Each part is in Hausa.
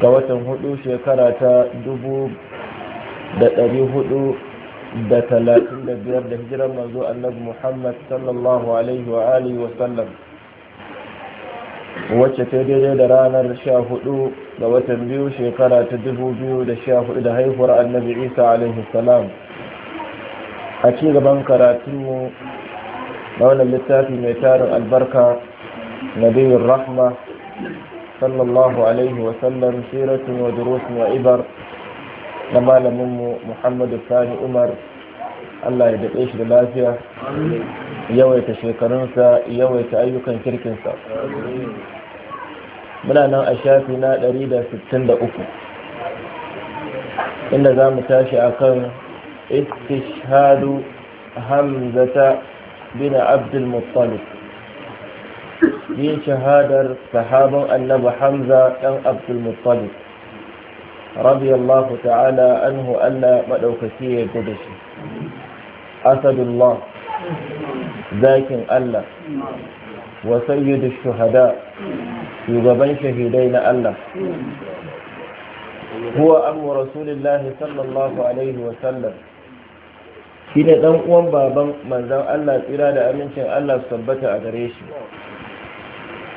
ga watan hudu shekara ta dubu da dari hudu da talatin da biyar da hijirar manzo annabi muhammad sallallahu alaihi wa alihi wa sallam wacce ta daidai da ranar sha hudu ga watan biyu shekara ta dubu biyu da sha hudu da haihuwar annabi isa alaihi salam a ci gaban karatunmu na wannan littafi mai tarin albarka nabiyun rahma صلى الله عليه وسلم سيرة ودروس وعبر لما لمم محمد الثاني عمر الله يدعيش للافية yawaita shekarunsa yawaita ayyukan kirkinsa muna nan a shafi na uku. inda za mu tashi a kan istishhadu hamzata bin abdul muttalib yin shahadar sahaban annabi hamza ɗan abdulmuttalib radiyallahu ta'ala anhu allah maɗaukaki ya da shi asadullah zakin allah wa sayyidu shuhada shugaban shahidai na allah huwa amma rasulillahi sallallahu alaihi sallam. shi ne ɗan uwan baban manzan allah tsira da amincin allah su tabbata a gare shi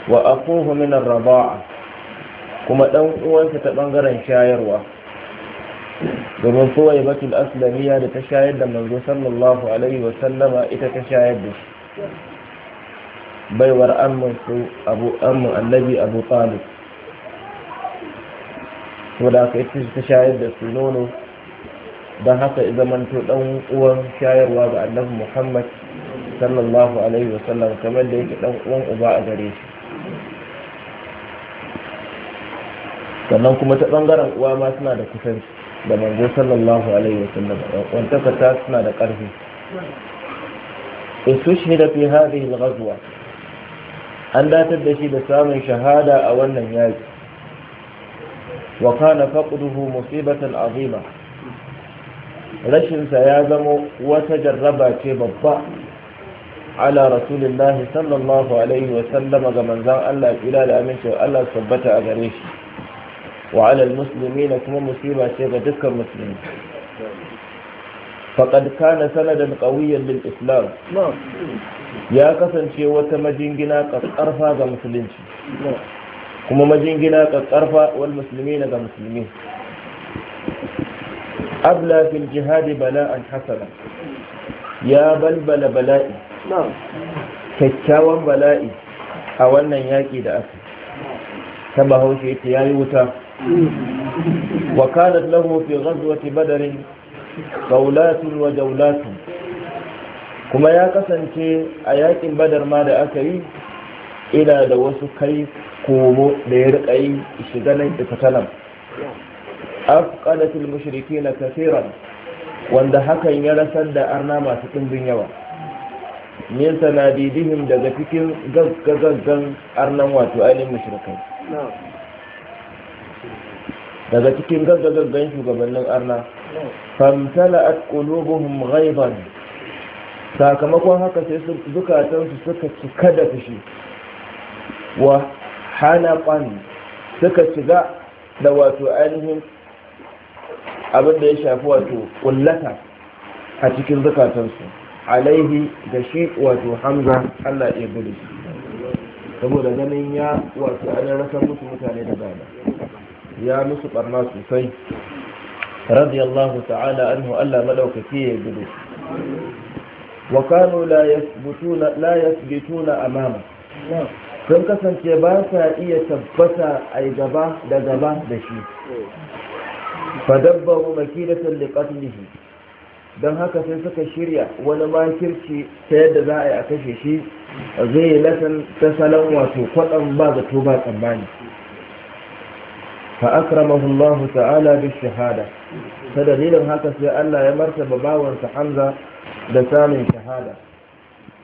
wa akuhu min ar kuma dan uwansa ta bangaren shayarwa domin suwai batul aslamiya da ta shayar da manzo sallallahu alaihi wa sallama ita ta shayar da baiwar amman su abu amman annabi abu talib to da aka ita ta shayar da su nono don haka zamanto dan uwan shayarwa ga annabi muhammad sallallahu alaihi wa sallam kamar da yake dan uwan uba a gare shi sannan kuma ta ɓangaren uwa ma suna da kusanci da manzo sallallahu alaihi wasallam wantaka ta suna da karfi da fi hadhihi al-ghazwa an datar da shi da samun shahada a wannan yaki wa kana faqduhu musibatan azima rashinsa ya zamo wata jarraba ce babba ala rasulillahi sallallahu alaihi wa sallama ga manzon Allah kila da amincewa Allah tabbata a gare shi wa alal musulmi na kuma musiba ce ga dukkan musulmi faƙad kana sanadan ƙauyen lil islam ya kasance wata majingina ƙarfa ga musulunci kuma majingina ƙarfa wal musulmi na musulmi abla fil jihadi bala'an hasana ya balbala bala'i kyakkyawan bala'i a wannan yaƙi da aka ta bahaushe ta yayi wuta وكانت له badarin غزوة بدر جولات وجولات كما يا كسانتي اياك بدر ما da aka yi ina da wasu kai komo da ya rika yi shiga nan da fitanan afqadatul na kaseeran wanda hakan ya rasar da arna masu ɗimbin yawa min sanadidihim daga cikin gaggagaggan arnan wato ainihin mushrikai daga cikin gaggagaggan shugabannin arna a qulubuhum ghaiban sakamakon haka sai zukatansu suka cika da fushi wa hanaqan suka shiga da wato ainihin abin ya shafi wato ƙullata a cikin zukatansu alaihi da shi wato hamza allah ya gudu saboda ganin ya wato ainihin rasar musu mutane da dama ya musu barna sosai radiyallahu ta'ala anhu Allah madaukake ya gudu wa kanu la yasbutuna la yasbituna amama sun kasance ba sa iya tabbata ai gaba da gaba da shi fadabbaru makidatan liqatlihi don haka sai suka shirya wani makirci ta yadda za a yi a kashe shi zai lasan ta salon wato kwaɗan ba zato ba tsammani fa akramahu Allah ta'ala bi shahada ta dalilin haka sai Allah ya martaba bawan sa Hamza da samin shahada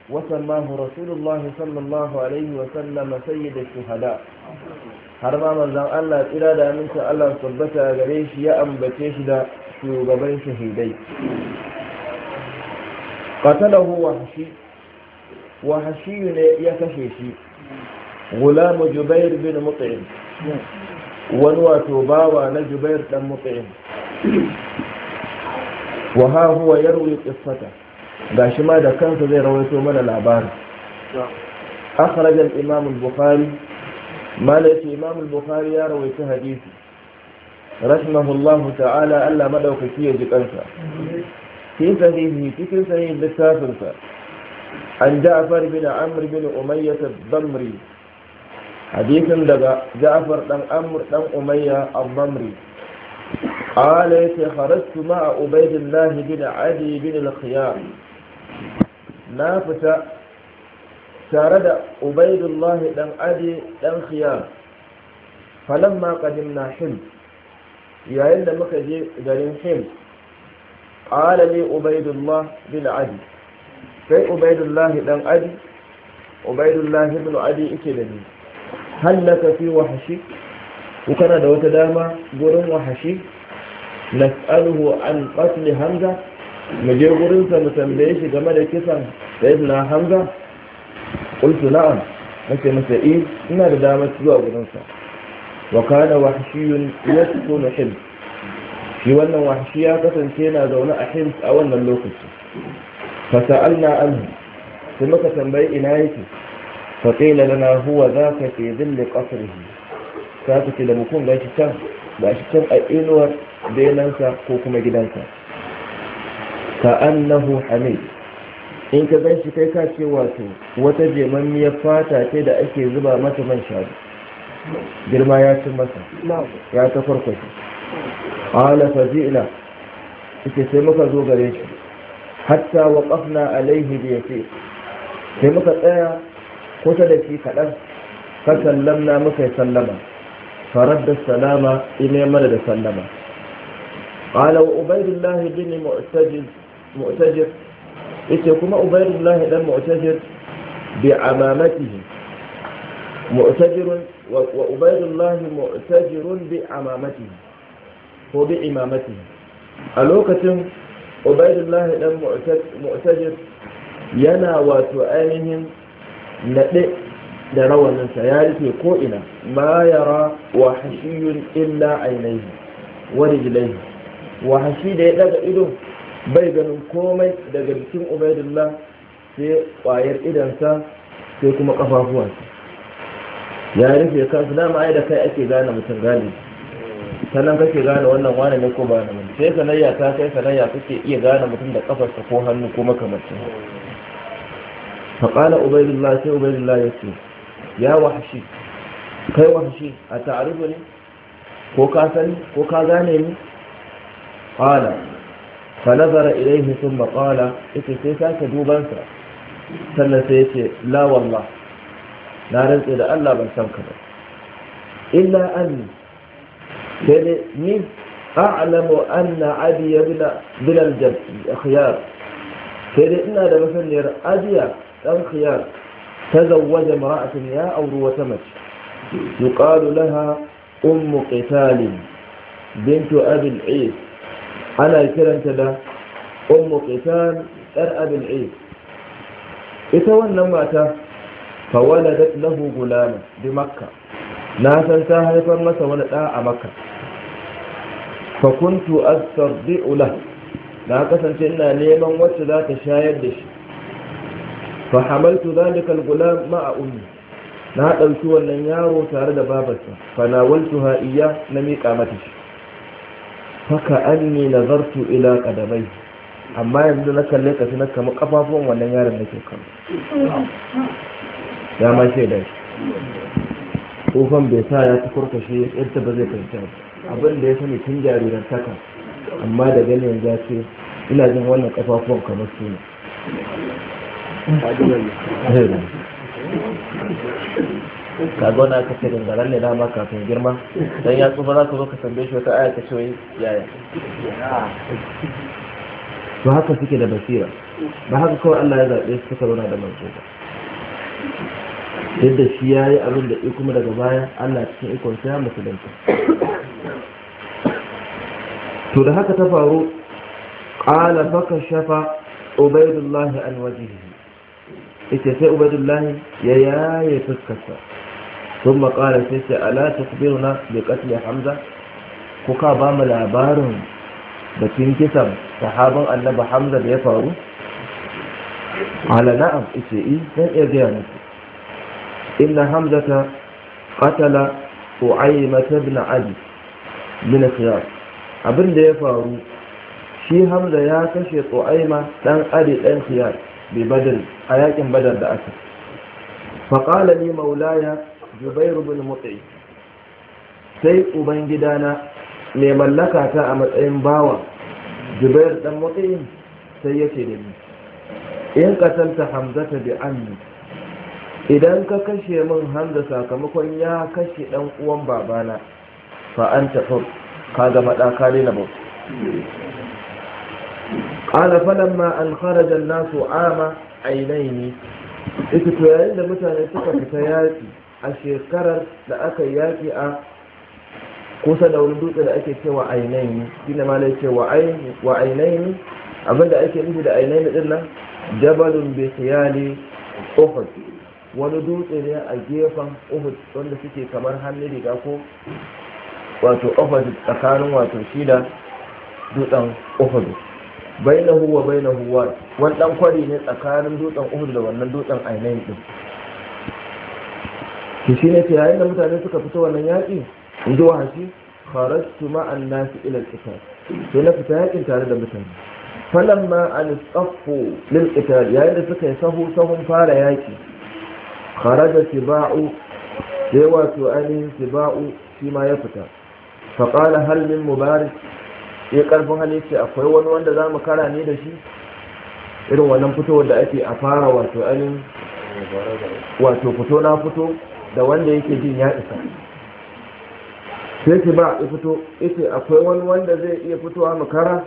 wa sallahu rasulullahi sallallahu alaihi wa sallam sayyid ash-shuhada har ma manzon Allah tsira da aminta Allah tabbata gare shi ya ambace shi da shugaban shahidai qatalahu wahshi wahshi ne ya kashe shi غلام جبير بن مطعم wani wato bawa na jubair ɗan mutsayin wa ha huwa yarwi qissata gashi ma da kansa zai rawaito mana labarin akhraj al-imam al-bukhari malaki imam bukhari ya rawaici hadisi rahimahullahu ta'ala Allah madaukaki ya ji kansa في سنه في سنه للكافر عن جعفر بن عمرو بن أمية الضمري hadisin daga ja'far dan amr dan umayya al-mamri qala yace kharastu ma'a ubaydillah bin adi bin al-khiyar na fita tare da ubaydullah dan adi dan khiyar falamma qadimna him yayin da muka je garin him qala li ubaydullah bin adi sai ubaydullah dan adi ubaydullah bin adi yake da ni halaka fi wahshi ko kana da wata dama gurin wahshi nas'aluhu an qatl hamza mu je gurin sa mu tambaye shi game da kisan na hamza qultu na'am nake masa eh ina da dama zuwa gurin sa wa kana wahshiyun yasqulu him shi wannan wahshi ya kasance yana zaune a hims a wannan lokaci fa sa'alna anhu sai muka tambayi ina yake فقيل لنا هو ذاك في ظل قصره ساكت لم يكن غاشي كان غاشي كان أئنور بيننسا كوكما جدنسا كأنه حميد in ka gan shi kai ka ce wato wata jemammiyar fata ce da ake zuba mata man shanu girma ya cin masa ya ta farkwashe ala fazila ita sai muka zo gare shi hatta wa ƙafna alaihi da sai muka tsaya kusa da shi kaɗan fasallam na muka yi sallama farar da salama ina mana da sallama ƙala wa ubaidullahi bin mu'tajir ita kuma mu'tajir bi amamatihi mu'tajirun wa mu'tajirun bi amamatihi ko bi imamatihi a lokacin ubaidullahi ɗan mu'tajir yana wato ainihin naɗe da rawaninsa ya rufe ko'ina ma yara wa hashiyun illa ainihi wani rijilaihi wa hashi da ya ɗaga ido bai ganin komai daga jikin ubaidullah sai ƙwayar idansa sai kuma ƙafafuwansa ya rufe kansu dama ai da kai ake gane mutum gane sannan kake gane wannan wane ne ko ba na sai sanayya ta kai sanayya kake iya gane mutum da ƙafarsa ko hannu ko makamancin faƙala ubaidullah sai ubaidullah ya ce ya kai wahashi a ta'arifu ne ko ka sani ko ka gane ni ƙala fanazara ilaihi sun maƙala ita sai sake dubansa sannan sai ya ce na rantse da Allah ban san ka illa anni sai dai ni a'lamu anna adiya bila bil akhyar sai dai ina da masaniyar adiya ɗan khiyar ta zawwaje mara'atin ya auri wata mace yuqalu laha ummu qitalin bintu abin is ana kiranta da ummu qital ɗar abin is ita wannan mata fawaladat lahu gulama bi makka na san ta haifar masa wani ɗa a makka Ka kuntu astardi'u lahu na kasance ina neman wacce za ta shayar da shi fa hamaltu zalika al-gulam ma'a ummi na ɗauki wannan yaro tare da babarsa fa ha iya na miƙa mata shi faka anni nazartu ila qadamai amma yanzu na kalle ka na kama kafafun wannan yaron ke kan ya ma shaida shi Kofan bai sa ya tukurka shi yadda ba zai fahimta abin da ya sani tun jariran taka amma da ganin ya ce ina jin wannan kafafuwan kamar su ka na ka ce dangaren ne dama kafin girma don ya tsufa za ka zo ka tambaye shi wata aya ka ce yaya Ba haka suke da basira ba haka kawai Allah ya zaɓe su suka zauna da manzo ba yadda shi ya yi abin da kuma daga baya Allah cikin ikon ya musulunci. to da haka ta faru qala fa kashafa ubaidullahi an wajhihi ita sai ubadullahi ya yaye fuskarsa sun makara sai ce ala ta kubiru na da hamza kuka ba mu labarin batun kisan sahabin annaba hamza da ya faru ala na'am ita yi eh, zan iya gaya musu inna hamza ta katala u'aymata ibn ali min khiyar abin da ya faru shi hamza ya kashe u'ayma dan ali dan khiyar a yakin badar da aka faƙala ni maulaya Zubairu bin mutsi sai ubangidana mai mallaka ta a matsayin bawa zubairu dan mutsi sai yake da ni in Hamza hamzata bi anni idan ka kashe min hamza sakamakon ya kashe dan uwan babana fa an tafi ka gama ɗaka ne na bauta Ƙala falamma an kharaja an-nasu ama ainaini ita to da mutane suka fita yaƙi a shekarar da aka yaƙi a kusa da wani dutse ake cewa ainaini shine ma lai cewa abinda ake nufi da ainaini din nan jabalun bi uhud wani dutse ne a gefen uhud wanda suke kamar hannun riga ko wato uhud tsakanin wato shida dutsen uhud baina huwa baina huwa wani dan kwari ne tsakanin dutsen uhud da wannan dutsen ainihin din ki shi ne ke yayin da mutane suka fito wannan yaƙi in ji wahashi kharastu ma'an nasi ila qital sai na fita yaƙin tare da mutane ma an tsaffu lil qital yayin da suka yi sahu sahun fara yaƙi kharaja siba'u sai wato ainihin siba'u shi ma ya fita qala hal min mubarak ya karfin hali ce akwai wani wanda za mu kara ne da shi irin wannan fito da ake a fara wato ainihin wato fito na fito da wanda yake jin ya isa sai ki ba ya fito ita akwai wani wanda zai iya fitowa makara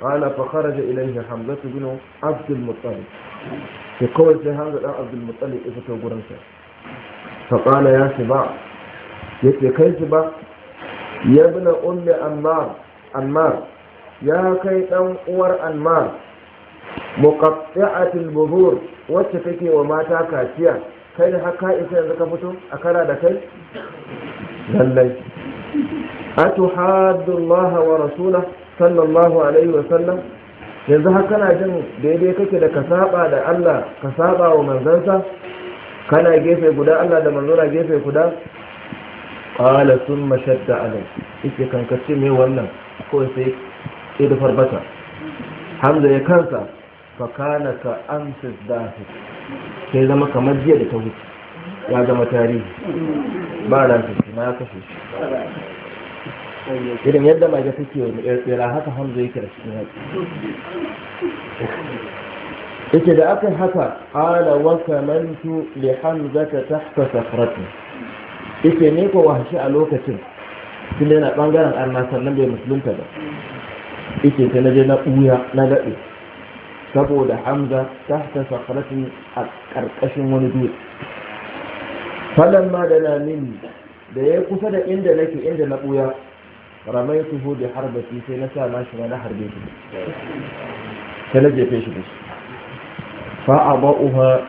qala fa kharaja ilayhi hamza bin abd abdul mutsali sai kawai sai hamza dan abdul mutsali ya fito gurin sa fa ba, ya ce yace kai ba. ya na ummi ammar anmar ya kai ɗan uwar anmar muqatti'atil buhur wacce take wa mata kaciya kai da haka isa yanzu ka fito a kara da kai lallai atuhaddu Allah wa rasulah sallallahu alaihi wa sallam yanzu haka kana jin daidai kake da ka saba da Allah ka saba wa manzansa kana gefe guda Allah da na gefe guda qala thumma shadda alai yake kankace me wannan kawai sai sai da farbata hamza ya kansa fakana ka amsis dafi sai zama kamar jiya da ta wuce ya zama tarihi ba ransa shi ma ya kashe shi irin yadda ga take wani tsira haka hamza yake da cikin haƙi yake da aka haka ala waka mantu li hamza ta tahta sakratin yake ne ko wahashi a lokacin tunda yana bangaren arna sannan bai musulunta ba yake ta naje na ɓuya na daɗe saboda hamza ta ta sakaratin a ƙarƙashin wani dutse falon ma da na da ya kusa da inda nake inda na ɓuya ramai har da su sai na sa mashi na harbe su ta na jefe shi da shi fa'a ba'uha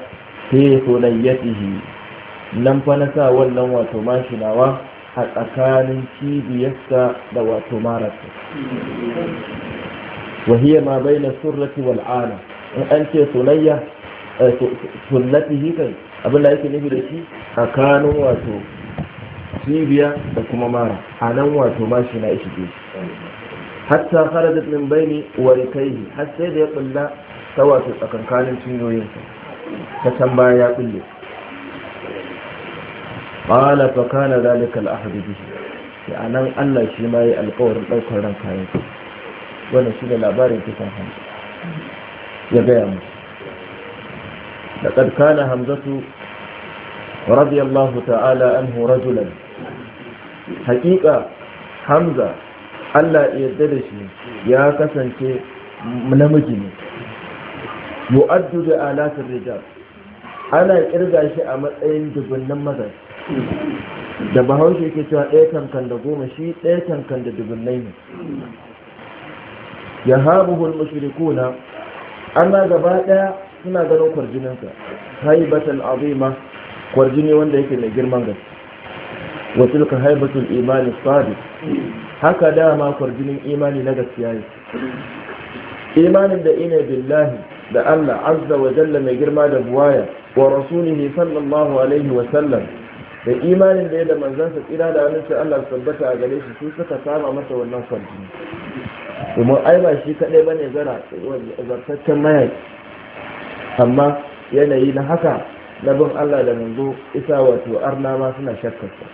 fi sunayyatihi nan fa na sa wannan wato mashi nawa a tsakanin cibiyarsa da wato mararsa wahiyya ma bai na surrati wal'ana in an ce sunayya eh, sunnati hikan abin da yake nufi da shi tsakanin wato cibiya da kuma mara a nan wato shi na ishi ke hatta kharajat min baini warikaihi har sai da ya kulla ta wato tsakankanin cinyoyinsa ta can baya ya kulle qala fa kana zalika al-ahd bihi sai anan Allah shi ma yi alƙawarin ɗaukar ran kayan su wannan shi ne labarin kisan Hamza ya gaya mu laqad kana hamzatu radiyallahu ta'ala anhu rajulan haƙiƙa hamza Allah ya yarda da shi ya kasance namiji ne yu'addu bi alatir rijal ana kirga shi a matsayin dubunnan mazaje da bahaushe ke cewa ɗaya kankan da goma shi ɗaya kankan da dubunai ne ya habu hul mushrikuna amma gaba ɗaya suna ganin kwarjininsa haibatan azima kwarjini wanda yake mai girman gaske Wasu tilka haibatan imani sadiq haka dama kwarjinin imani na gaskiya ne imanin da ina billahi da Allah azza wa jalla mai girma da buwaya wa rasulihi sallallahu alaihi wa sallam da imanin da ya da manzansa tsira da wani sai Allah tabbata a gare shi su suka sama masa wannan kwarjini domin ai ba shi kaɗai bane zara zartaccen mayaki amma yanayi na haka na bin Allah da manzo isa wato arna ma suna shakkarsa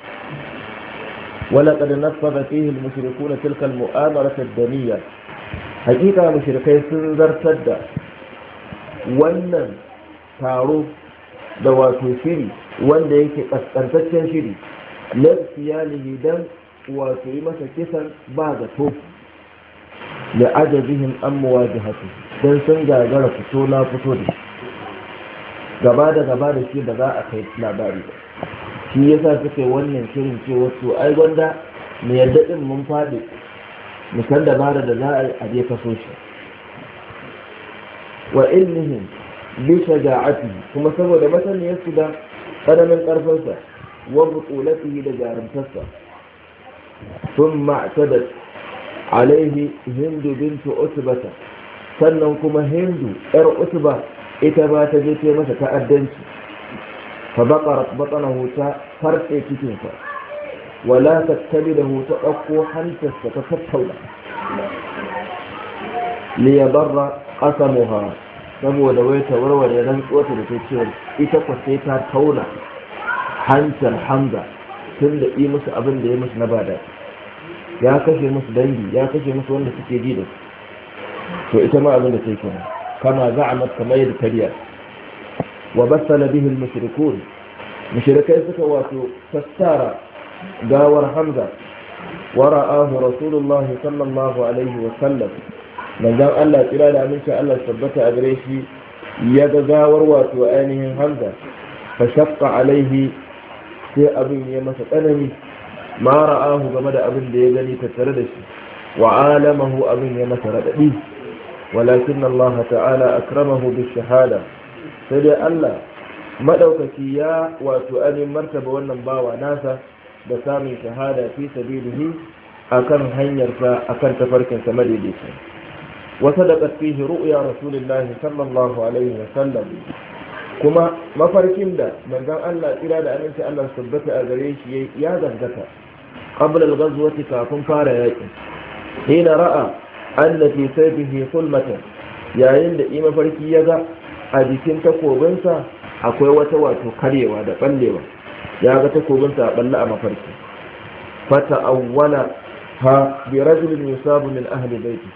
ولقد نفذ فيه المشركون تلك المؤامرة Hakika mushrikai sun zartar da wannan taro da wato shiri wanda yake kaskantaccen shiri na siyalihi dan wato yi masa kisan ba zato da ajabihin an haka? Don sun gagara fito na fito da gaba da gaba da shi da za a kai labari ba shi ya sa suke wannan shirin cewa su ai gwanda mu yadda din mun faɗi mu san dabara da za a je kaso shi wa ilmihin Bisha, shaja'ati kuma saboda masaniyarsu da ƙaramin ƙarfinsa wa buƙulatihi da jarumtarsa sun da alaihi hindu bintu utubata sannan kuma hindu yar utuba ita ba ta je ta masa ta'addanci fa baqarat batnahu huta farce cikinsa wala da huta ɗauko hantarsa ta tattauna liyabarra qasamuha saboda wai ta warware rantsuwarta da ta cewa ita kwa sai ta tauna hantar hamza tun da yi musu abin da ya musu na ba daɗi ya kashe musu dangi ya kashe musu wanda suke ji da to ita ma abin da ta yi kenan kama za a mata kamar yadda kariya wa basala na al mashirikun. Mashirikai suka wato fassara gawar hamza ورآه رسول الله صلى الله عليه وسلم manzon Allah tsira da aminci Allah tabbata a gare shi ya ga gawar wato ainihin hamza fa shaqqa alaihi sai abin ya masa tsanani ma ra'ahu game da abin da ya gani tattare da shi wa alamahu abin ya masa radadi walakin Allah ta'ala akramahu bi shahada sai dai Allah madaukaki ya wato ainihin martaba wannan bawa nasa da samun shahada fi sabilihi akan hanyarsa akan tafarkinsa madaidaici وصدقت فيه رؤيا رسول الله صلى الله عليه وسلم كما مفركين دا من قال الله إلى أن أنت الله سبت أغريش يا زهدك قبل الغزوة كافن فارا حين رأى أن في سيفه ظلمة يا عند إما فركي يدا أجيكين تقوبنسا akwai wata wato karewa da ballewa ya ga takobinsa a balle a mafarki fata awwala ha bi rajulin yusabu min ahli baiti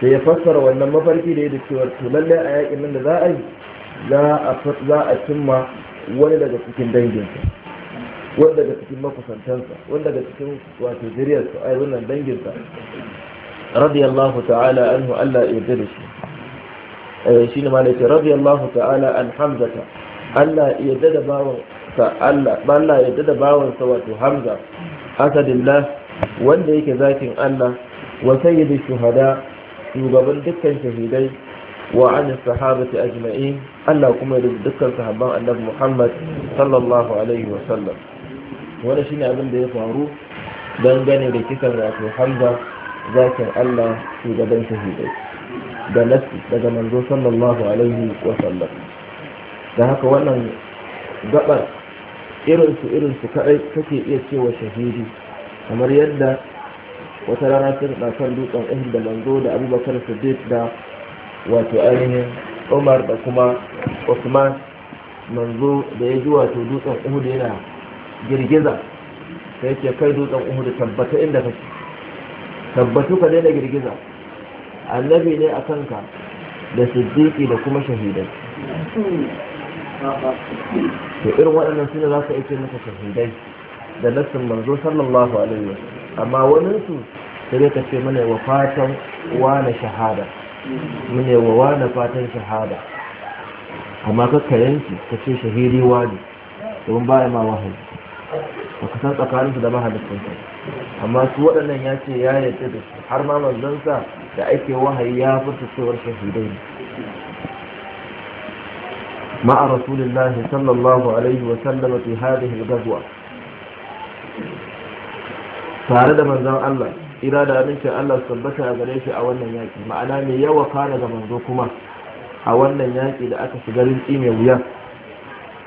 sai ya fassara wannan mafarki da ya da cewa to lalle a yakin nan da za a yi za a cimma wani daga cikin danginsa wani daga cikin makusantansa wani daga cikin wato su a ai wannan danginsa radiyallahu ta'ala anhu Allah ya yarda da shi eh, shi ne malaka radiyallahu ta'ala an hamzata Allah ya yarda da bawan sa Allah Allah ya yarda da bawan sa wato hamza asadillah wanda yake zakin Allah wa sayyidu shuhada shugaban dukkan shahidai wa an sahabati ajma'in Allah kuma ya rubuta dukkan sahabban Annabi Muhammad sallallahu alaihi wa sallam wannan shine abin da ya faru dan gane da kisan wato Hamza zakin Allah shugaban shahidai da nasi daga manzo sallallahu alaihi wa sallam da haka wannan gabar irinsu irinsu kadai kake iya cewa shahidi kamar yadda wata rana sun da kan dutsen ihud da manzo da abubakar siddiq da wato ainihin umar da kuma usman manzo da ya ji wato dutsen uhud yana girgiza sai ke kai dutsen uhud tabbata inda kake tabbatu ka daina girgiza annabi ne a kanka da siddiqi da kuma shahidai to irin waɗannan suna za ka iya maka shahidai da nassin manzo sallallahu alaihi wasallam amma waninsu sai dai ka ce mune wa fatan wane shahada mune wa wane fatan shahada amma kakka yanki ka ce shahidi wani domin ba ya ma wahayi ba ka san tsakaninsu da mahalittun amma su waɗannan ya ce ya yi da su har ma sa da ake wahayi ya furta cewar shahidai ne مع رسول الله صلى الله عليه وسلم في هذه الغزوة tare da manzon Allah ira da amincin Allah su tabbata a gare shi a wannan yaki ma'ana mai yawa fara ga manzo kuma a wannan yaki da aka shiga rinci mai wuya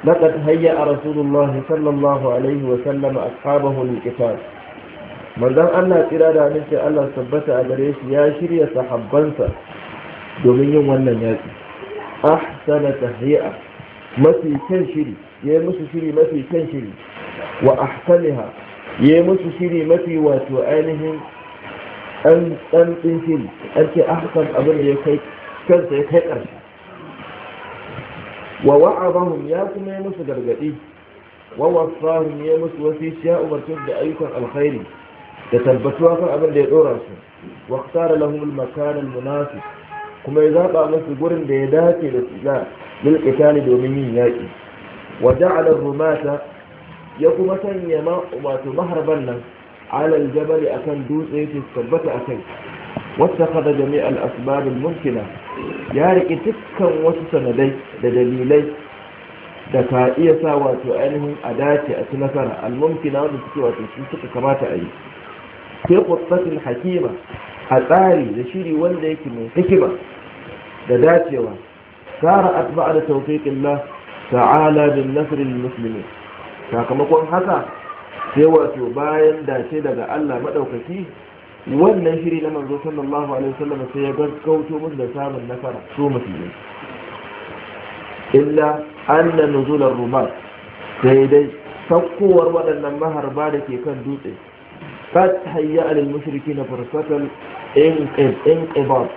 laqad hayya rasulullahi sallallahu alaihi wa sallam ashabahu liqital manzon Allah tsira da amincin Allah su tabbata a gare shi ya shirya sahabbansa domin yin wannan yaki ahsana tahyi'a mafi kan shiri yayi musu shiri mafi kan shiri wa ahsanaha ya yi musu shiri mafi wato ainihin an ɗanɗin shiri an ce ahsan abin da ya kai kansa ya kai ƙarshe wa wa'adahum ya kuma yi musu gargaɗi wa wasahum ya musu wasici ya umarci da ayyukan alkhairi da tabbatuwa kan abin da ya ɗora su wa tsara lahum makanan munafiq kuma ya zaɓa musu gurin da ya dace da su za bil domin yin yaƙi wa ja'ala rumata ya kuma sanya wato maharban nan alal jabari akan dutse yake tabbata akai wata kada jami al'asbabin mumkina ya riƙe dukkan wasu sanadai da dalilai da ka iya sa wato ainihin a dace a ci nasara al-mumkina wanda suke wato su suka kamata a yi sai kwattatin hakima a tsari da shiri wanda yake mai hikima da dacewa sara atba'a da tawfiqillah ta'ala bin nasril muslimin sakamakon haka sai wato bayan dace daga Allah maɗaukaci wannan shiri na manzo sallallahu alaihi wasallam sai ya gaskauto musu da samun nasara su musulmi illa anna nuzular rumal sai dai sakkowar waɗannan maharba da ke kan dutse fat hayya alil mushrikin na in in ibad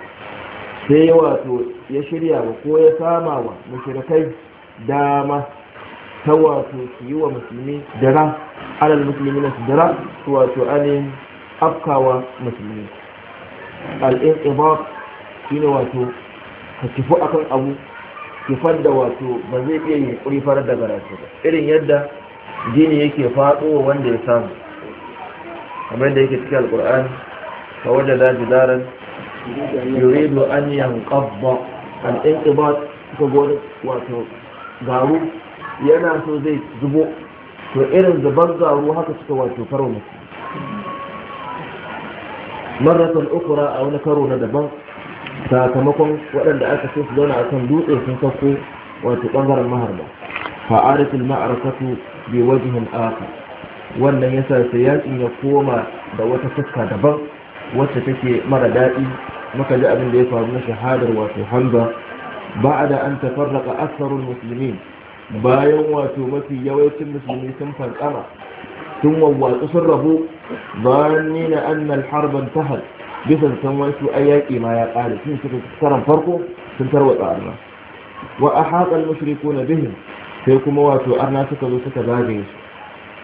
sai wato ya shirya ko ya sama wa mushrikai dama ta wato ki yi wa musulmi dara alal musulmi na dara wato ainihin afkawa musulmi al'in ibab shi ne wato ka kifu akan abu kifar da wato ba zai iya kuri farar da garasu ba irin yadda jini yake faɗo wanda ya samu kamar da yake cikin alkur'ani ka wajen da daren yuridu an yankabba al'in ibab suka gwada wato garu yana so zai zubo to irin zuban garu haka suka wato karo su. maratan ukura a wani karo na daban sakamakon waɗanda aka ce su zauna kan dutse sun sauko wato ɓangaren maharba fa'adatul ma'arkatu bi wajihin aka wannan yasa sai yakin ya koma da wata fuska daban wacce take mara daɗi muka ji abin da ya faru na shahadar wato hamza ba'ada an tafarraqa aktharul muslimin bayan wato mafi yawancin musulmi sun fankama sun wawwatsu sun rabu zanni na annal harban tahal bisa san wasu ai ma ya ƙare sun suka karan farko sun tarwatsa arna wa ahaqal mushrikuna sai kuma wato arna suka zo suka zagaye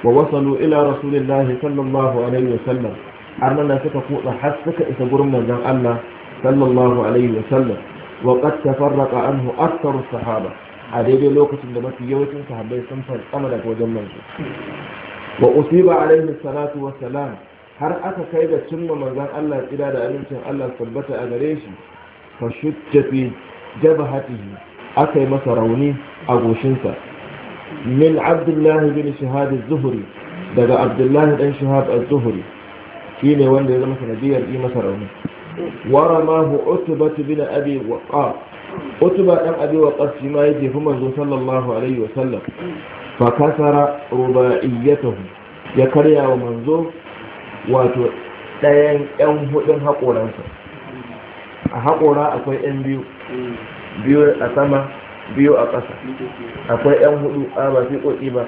su wa wasalu ila rasulillahi sallallahu alaihi sallam, arna na suka kutsa har suka isa gurin manzon Allah sallallahu alaihi wasallam wa qad tafarraqa anhu aktharu sahaba a daidai lokacin da mafi yawancin sahabbai sun sama daga wajen manzo wa usiba alaihi salatu wa salam har aka kai da cimma manzon Allah tsira da abincin Allah tabbata a gare shi fa shujja fi jabhatihi aka yi masa rauni a goshinsa min abdullahi bin shahad az-zuhri daga abdullahi dan shahab az-zuhri shine wanda ya zama sanadiyar yi masa rauni ورماه عتبة bin abi وقاص otu ba ɗan abewa ƙasfi ma ya jefi manzo sallallahu alaihi wasallam fa kasara rubaiyatahu ya karya wa manzo wato ɗayan ƴan hudun haƙoransa a haƙora akwai ƴan biyu biyu a sama biyu a ƙasa akwai ƴan hudu a ba fi ƙoƙi ba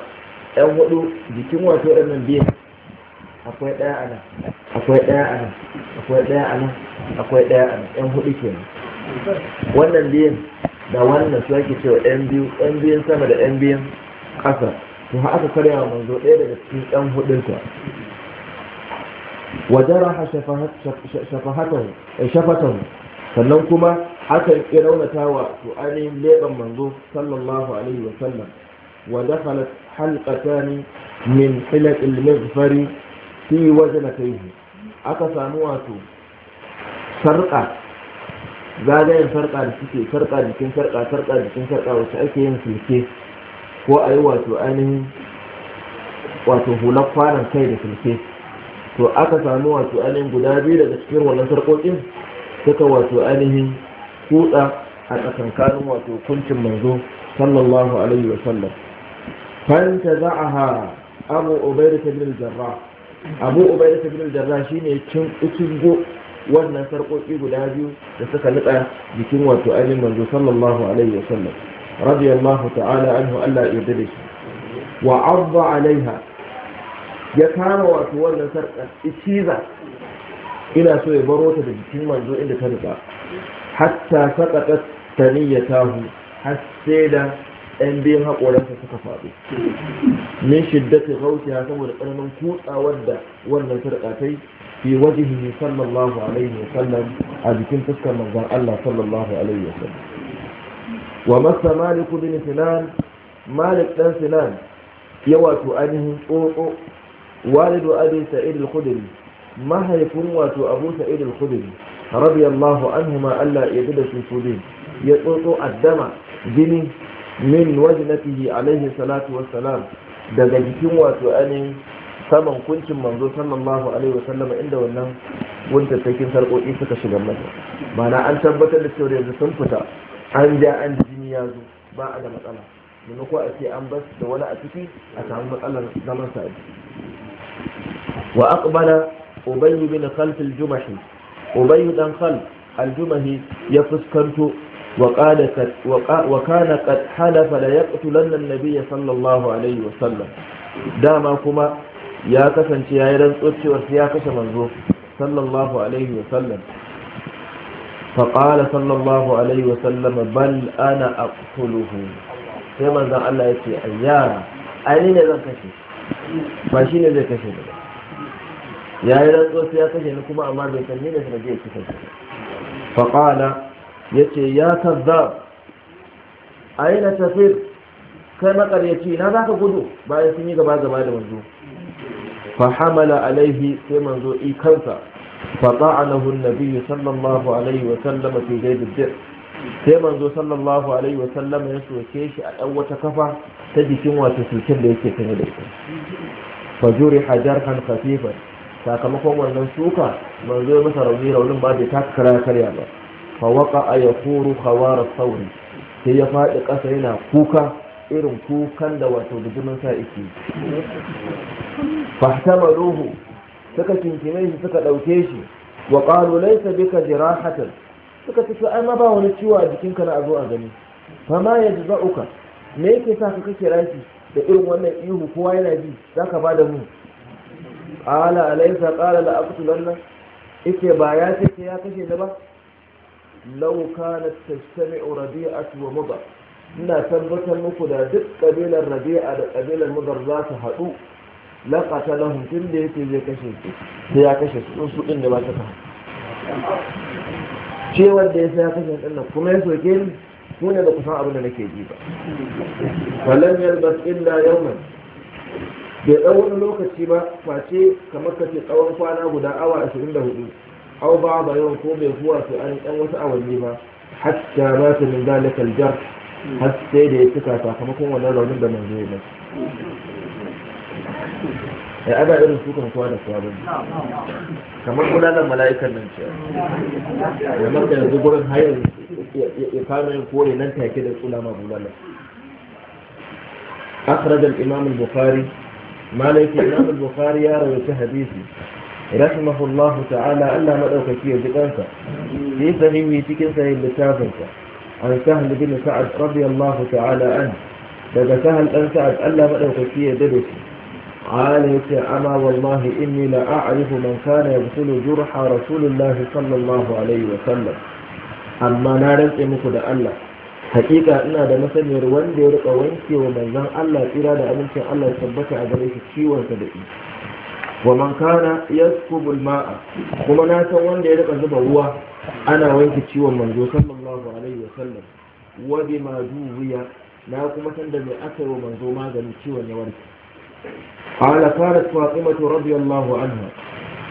ƴan hudu jikin wato ɗannan biya. akwai ɗaya a nan akwai ɗaya a nan akwai ɗaya a nan akwai ɗaya a nan ƴan hudu kenan wannan biyan da wannan su ake cewa yan biyu yan biyun sama da yan biyun ƙasa to ha aka karya wa manzo ɗaya daga cikin yan hudunta wajara shafatan sannan kuma aka yi raunata wa ainihin leɓen manzo sallallahu alaihi wa sallam wa dakhalat halqatan min hilal al fari fi wajnatayhi aka samu wato sarƙa zagayen sarƙa da suke sarƙa jikin sarƙa sarƙa jikin sarƙa wacce ake yin sulke ko a yi wato ainihin wato hular kwanan kai da sulke to aka samu wato ainihin guda biyu daga cikin wannan sarƙoƙin suka wato ainihin kutsa a tsakankanin wato kuncin manzo sallallahu alaihi wa sallam fanta ha abu ta bin jarra abu ta bin jarra shine cin wannan sarƙoƙi guda biyu da suka nutsa jikin wato ainihin manzo sallallahu alaihi wasallam radiyallahu ta'ala anhu Allah ya yarda da shi wa azza alaiha ya kama wato wannan sarƙar iciza ina so ya baro ta da jikin manzo inda ta nutsa hatta saqatat taniyatahu har sai da ɗan biyun haƙoransa suka faɗo min shiddati gautiya saboda ƙaramin kutsawar da wannan sarƙa ta yi fi wajhihi sallallahu alaihi wa sallam a jikin fuskar manzon Allah sallallahu alaihi wa sallam wa masa malik bin sinan malik dan sinan ya wato ainihin tsotso walidu abi sa'id al-khudri mahaifin wato abu sa'id al-khudri radiyallahu anhu ma Allah ya da su ya tsotso addama jini min wajnatihi salatu daga jikin wato ainihin saman kuncin manzo sallallahu alaihi wasallam inda wannan guntattakin sarƙoƙi suka shiga mata mana an tabbatar da cewa yanzu sun fita an ja an jini ya zo ba a da matsala maimako a ce an bas da wani a ciki a samu matsalar zaman sa wa aqbala ubayy bin khalf al-jumahi ubayy dan khalf al-jumahi ya fuskanto وقال وكان قد حلف لا يقتلن النبي صلى الله عليه وسلم ya kasance ya yi rantsuwar cewa sai ya kashe manzo sallallahu alaihi wa sallam faƙala sallallahu alaihi wa sallam bal ana aqtuluhu sai manzon Allah ya ce yara. ai ne zan kashe ba shi ne zai kashe ni ba ya yi rantsuwar sai ya kashe ni kuma amma bai san ne da zai kashe shi faƙala ya ce ya kazzab aina tafir kai makaryaci na za ka gudu bayan sun yi gaba gaba da manzo. fahamala alaihi sai manzo i kansa fata'anahu annabiyyu sallallahu alaihi wa sallama fi jaydid dir sai manzo sallallahu alaihi wa sallama ya soke shi a dan wata kafa ta jikin wata sulkin da yake tare da shi fa juri hajar kan khafifa sakamakon wannan shuka manzo masa rauni raunin ba da ta kara karya ba fa waqa yaquru khawar sauri sai ya faɗi ƙasa yana kuka irin kukan da wato bijimin sa iki fahtamaluhu suka kinkime shi suka ɗauke shi wa qalu laysa bika jirahatan suka ce ai ba wani ciwo a jikinka na azo a gani Kama ma za'uka. me yake sa ka kake rashi da irin wannan ihu kowa yana ji zaka ba da mu qala alaysa qala la aqtulanna yake ba ya ce ya kashe ni ba law kanat tastami'u rabi'atu wa mudar ina tabbatar muku da duk kabilar rabi'a da kabilar mudar za su haɗu laƙasa da hutun da yake zai kashe su sai ya kashe su su suɗin da ba ta kan ce da ya sai ya kashe ɗin nan kuma ya soke ni su ne da kusan abin da nake ji ba falam yalbas illa yawman bai ɗan wani lokaci ba face kamar kace tsawon kwana guda awa hudu au ba ba yawan ko bai huwa su an ɗan wasu awanni ba hatta ba su min zalikal jar har sai da ya cika sakamakon wannan raunin da manzo ya ya eh, ana irin su kan kowa da هو ba kamar kudanan mala'ikan nan ce ya maka yanzu gurin hayar ya kama yin kore nan take da tsula ma bulala أخرج الإمام البخاري ما ليس الإمام البخاري يا روي حديثي رحمه الله تعالى ألا مدعوك كي جدانك في صحيح تكن صحيح لتابنك عن سهل بن سعد رضي الله تعالى عنه لذا قال يتي أما والله إني لا أعرف من كان يبتل جرح رسول الله صلى الله عليه وسلم أما نارك مكد الله hakika ina da masaniyar wanda ya rika wanke wa manzon Allah tsira da abincin Allah ya tabbata a gare shi ciwon sa da shi wa man kana kuma na san wanda ya rika zuba ruwa ana wanke ciwon manzo sallallahu alaihi wa sallam wa bima duwiya na kuma san da me aka wa manzo maganin ciwon ya warke قال قالت فاطمة رضي الله عنها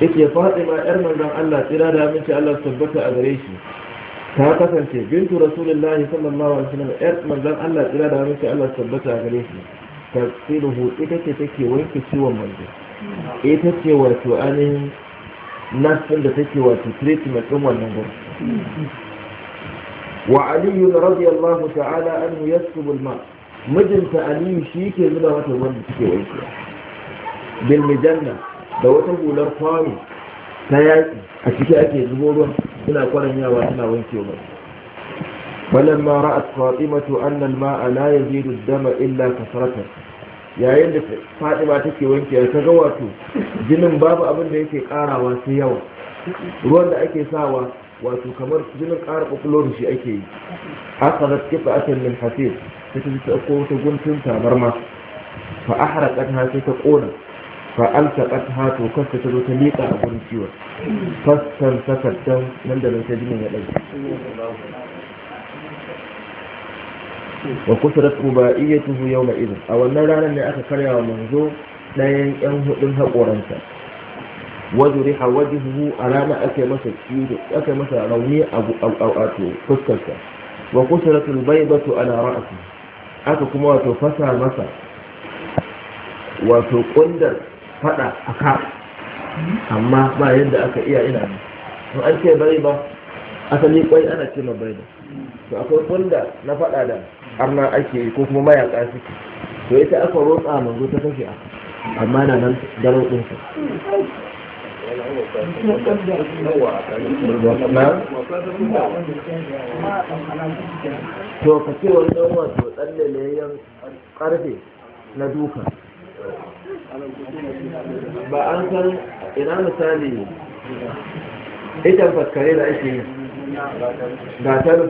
إتي فاطمة إرمان دان الله إلا دا منك الله تثبت أدريشي تاقفاً بنت رسول الله صلى الله عليه وسلم إرمان دان الله إلا دا منك الله تثبت أدريشي تغسله إتكي تكي وينك سوى منك إتكي وتؤنه نفس لتكي وتتريت مكوم والنبر وعلي رضي الله تعالى أنه يسكب الماء mijinta aliyu shi ke zuba mata ruwan suke wanke bilmijanna da wata hular kwano ta yaƙi a ciki ake zubo ruwan suna kwanan yawa suna wanke mai فلما رأت فاطمة أن الماء لا dama illa ka كثرة yayin da Fatima take wanke ta ga wato jinin babu abin da yake karawa sai yawa ruwan da ake sawa wato kamar jinin ƙara kokulo da shi ake yi haka da akan min hasid sai ta ji ta ɗauko wata guntun tabarma fa ahraqat ha sai ta kona fa alsaqat ha to kasta ta zo ta miƙa a gurin ciwon fassan sakaddan nan da nan ta jinin ya ɗauke wa kusurat rubaiyatuhu yawma idin a wannan ranar ne aka karya wa manzo ɗayan yan hudun haƙoransa wajuri a wajihu alama ake masa ciwo ake masa rauni a fuskarsa wa kusurat albaybatu ala ra'sihi aka kuma wato fasa masa wato kundar fada a ka amma ba yadda aka iya ina ne in an ce bai ba asali kwai ana ce ma bai ba to akwai kunda na fada da arna ake yi, ko kuma mayaka suke to ita aka rotsa manzo ta kashe a, amma na nan daro ɗinsa to ka ce wani ɗan wato tsalle layyan ƙarfe na duka ba an san ina misali ita faskare da ake yi gatar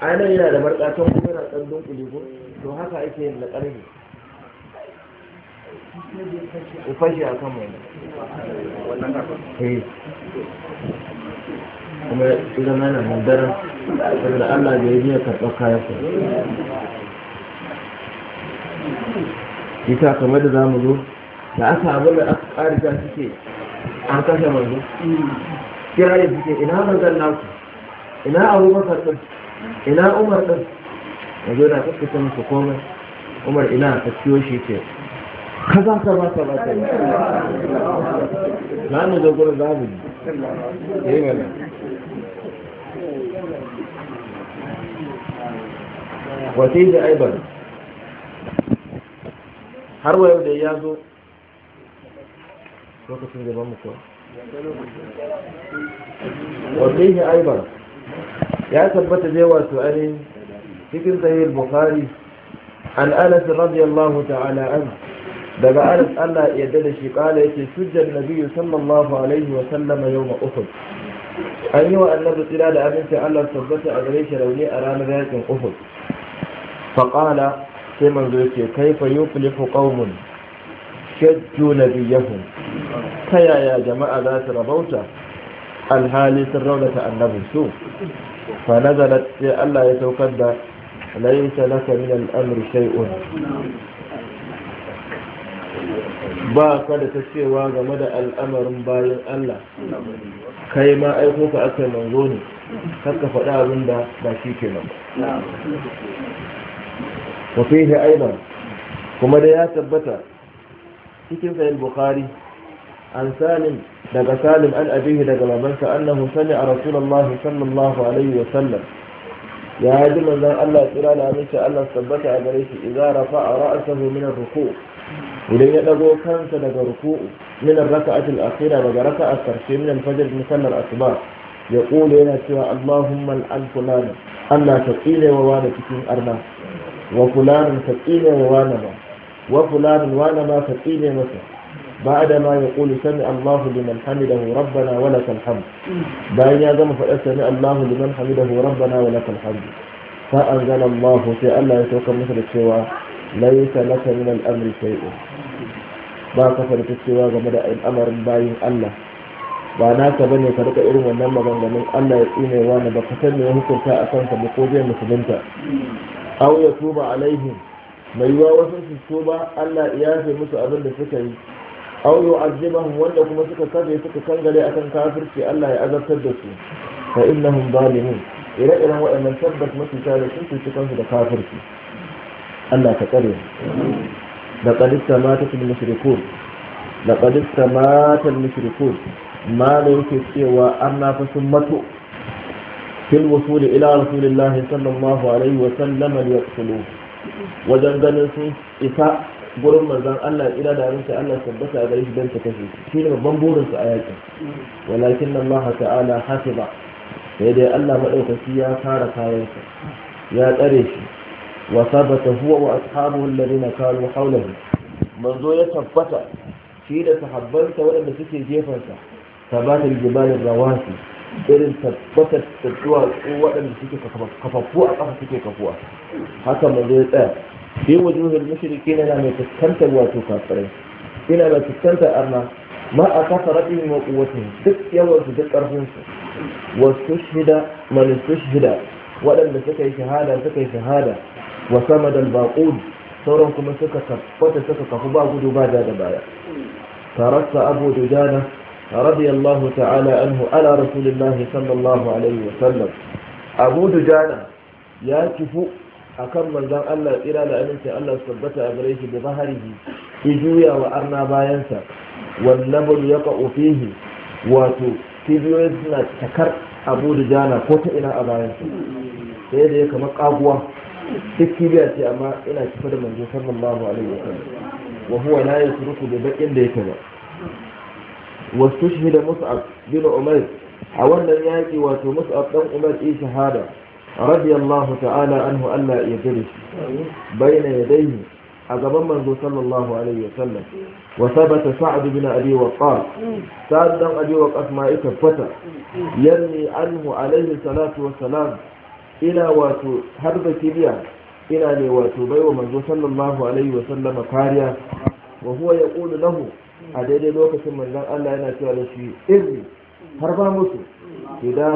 ainihin yana da barkatan kuma yana ɗan dunkuli ko to haka ake yin na ƙarfe ya fashe a kan mai eh. kuma idan na nan daren saboda Allah bai yi ya karɓar kayan sa ita kamar da zamu zo da aka abin da aka ƙarisa suke an kashe manzo kira da suke ina manzan naku ina abubakar ɗin ina umar ɗin yanzu na kakkata musu komai umar ina a ciyo shi ke? خزان کروا کروا کروا نام جو گرے دام جی یہ ملے ايضا هروا يود ايازو شوكا ايضا يا ثبت ديوا سؤالي فكر تهي البخاري عن انس رضي الله تعالى عنه daga anas Allah ya yarda da shi kala yake sujjar nabiyyu sallallahu alaihi wa sallama yawma uhud an yi wa annabi tsira da abincin Allah tabbata a gare shi rauni a ranar yakin uhud Faƙala sai manzo yake kaifa yuflihu qaumun shajju nabiyahum ta yaya jama'a za su rabauta alhali sun raunata annabin su fa nazalat sai Allah ya saukar da laysa laka min al shay'un ba ka da ta cewa game da al'amarin bayan Allah kai ma aiko ka aka manzo ne kakka faɗa abin da ba shi ke nan wa fihi aidan kuma da ya tabbata cikin sahih bukhari an salim daga salim an abihi daga babansa na sami a Rasulallah sallallahu alaihi wa sallam ya ji manzon Allah tsira da aminci Allah tabbata a gare shi idza rafa'a ra'sahu min ar-ruku' idan ya dago kansa daga ruku'u min ar-raka'ati al-akhira daga raka'a karshe min al-fajr min sallar asuba ya kula yana cewa Allahumma al fulana Allah ta tsine wa wani cikin arna wa fulanin ta tsine wa wani ba wa fulanin wani ma ta tsine masa ba'da ma ya kula sami Allahu liman hamidahu rabbana wa lakal hamd bayan ya zama faɗa sami Allahu liman hamidahu rabbana wa lakal hamd fa anzala Allahu sai Allah ya saukar masa da cewa laysa laka min al-amri shay'un ba ka cewa game da al'amarin bayin Allah ba naka bane ka rika irin wannan maganganun Allah ya tsine wa ne baka san me ya hukunta a kanka ba ko zai musulunta aw ya tuba alaihim mai yiwa wasu su tuba Allah ya yafe musu abin da suka yi aw yu'azzibahum wanda kuma suka kaje suka kangare akan kafirci Allah ya azabtar da su fa innahum zalimun ire-iren waɗannan tabbas mafi tare sun cuci kansu da kafirci Allah ka tsare لقد استماتت المشركون لقد استمات المشركون ما ليس سوى أن فسمته في الوصول إلى رسول الله صلى الله عليه وسلم ليقتلوه wajen ganin sun isa gurin manzan Allah ila da rinsa Allah tabbata a gare shi don ta kashe shi ne babban burinsu a yakin walakin nan Allah ta'ala hasiba sai dai Allah maɗaukaki ya kare kayansa ya tsare shi وثبت هو وأصحابه الذين كانوا حوله منذ يتفت في تحبنت ولا نسيتي جيفنت ثبات الجبال الرواسي إذن ثبت تدوى القوة لم تسيكي كففوة أقف تسيكي كففوة حتى منذ يتفت في وجوه المشركين لم يتكنت الواتو كافرين إن لم يتكنت أرنا ما أقف ربهم وقوتهم دك يوم تدك أرهنس واستشهد من استشهد ولم تسكي شهادة تسكي شهادة wa sama da sauran kuma suka tabbata suka kafu ba gudu ba da baya tarasta abu dujana radiyallahu ta'ala anhu ala rasulillahi sallallahu alaihi wa sallam abu dujana ya kifu akan manzon Allah tsira da aminci Allah su tabbata a gare shi da zaharihi ki wa arna bayansa wallabul yaqa'u fihi wato kibiyoyin suna takar abu da ko ta ina a bayansa sai da ya kama kaguwa duk kibiya ce amma ina kifa da manzo sallallahu alaihi wa sallam wa huwa la yasruku bi bakin da yake ba wasu shahida mus'ab bin umar a wannan yaki wato mus'ab dan umar yi shahada radiyallahu ta'ala anhu Allah ya gare shi bayna yadayhi a gaban manzo sallallahu alaihi wa sallam wa sabata sa'd bin abi waqqas sa'd dan abi waqqas ma ya tabbata yanni anhu alaihi salatu wa salam ina wato har da kibiya ina ne wato baiwa manzo sallallahu alaihi wa sallama kariya wa huwa yaqulu lahu a daidai lokacin manzon Allah yana cewa da shi irri har ba musu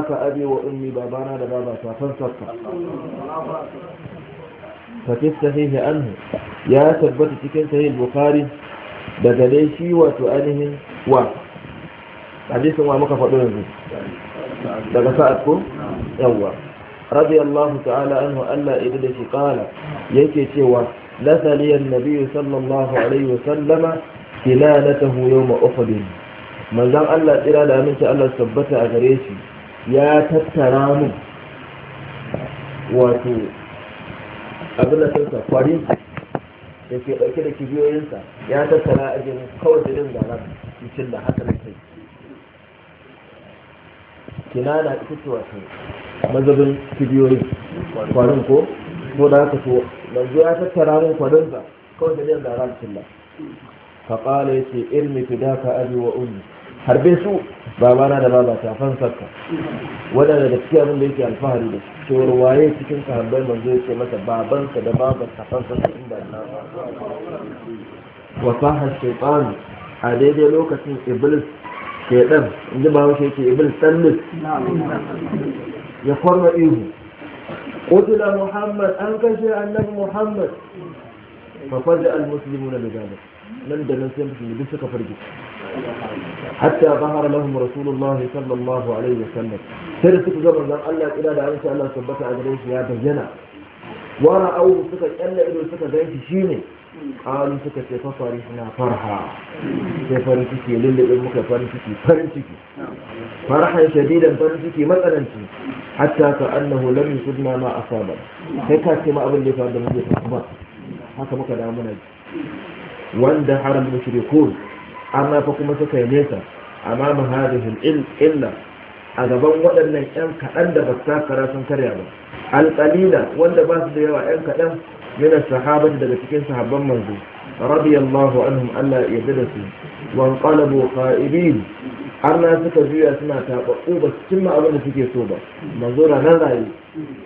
ka abi wa ummi babana da baba ta sarka fa fi anhu ya tabbata cikin sahih bukhari daga dai shi wato ainihin wa hadisin wa muka faɗo yanzu daga sa'ad ko yawwa radiyallahu ta'ala anhu Allah ya da shi kala yake cewa lasali annabi sallallahu alaihi wa sallama kilalatahu yawma uhud manzon Allah tsira da aminci Allah tabbata a gare shi ya tattara mu wato abin da sun kwari da ke ɗauke da kibiyoyinsa ya tattara a jin kawai jirin gara cikin da hatsari kinana ita ce wato mazabin kibiyoyi kwarin ko ko da haka to manzo ya tattara mun kwarin sa kawai da yin ran cilla fa qala yace ilmi fidaka abi wa ummi harbe su babana da baba ta fansarka wanda daga cikin abin da yake alfahari da shi waye cikin sahabbai manzo yake masa babansa da baba ta fansarka inda Allah wa faha shaytan a daidai lokacin iblis شيطان عندما هو شيطان ابن سنس يقول رأيه قتل محمد أنكشي أنه محمد ففجأ المسلمون بذلك لم دلن سيمسلم بسك فرجك حتى ظهر لهم رسول الله صلى الله عليه وسلم سرسك زمن قال لك إلا لعنسي الله سبك عزيزي يا بجنا ورأوه سكت ألا إلو سكت ذلك شيني ƙalu suka ce fa fari suna farha sai farin ciki lullube muka farin ciki farin ciki farhan shadidan farin ciki matsananci hatta ka annahu lam yusibna ma asaba sai ka ce ma abin da ya faru da muke haka muka da muna wanda haram mushrikun amma fa kuma suka yi nesa amma ma hadhihi illa a gaban waɗannan 'yan kaɗan da ba su takara sun karya ba alƙalila wanda ba su da yawa 'yan kaɗan من الصحابة دلتكين صحابا منذ رضي الله عنهم ألا يدرسوا وانقلبوا خائبين أرنا سكزيو أسمع تابقوبة ثم أبن سكي صوبة منظورة نظري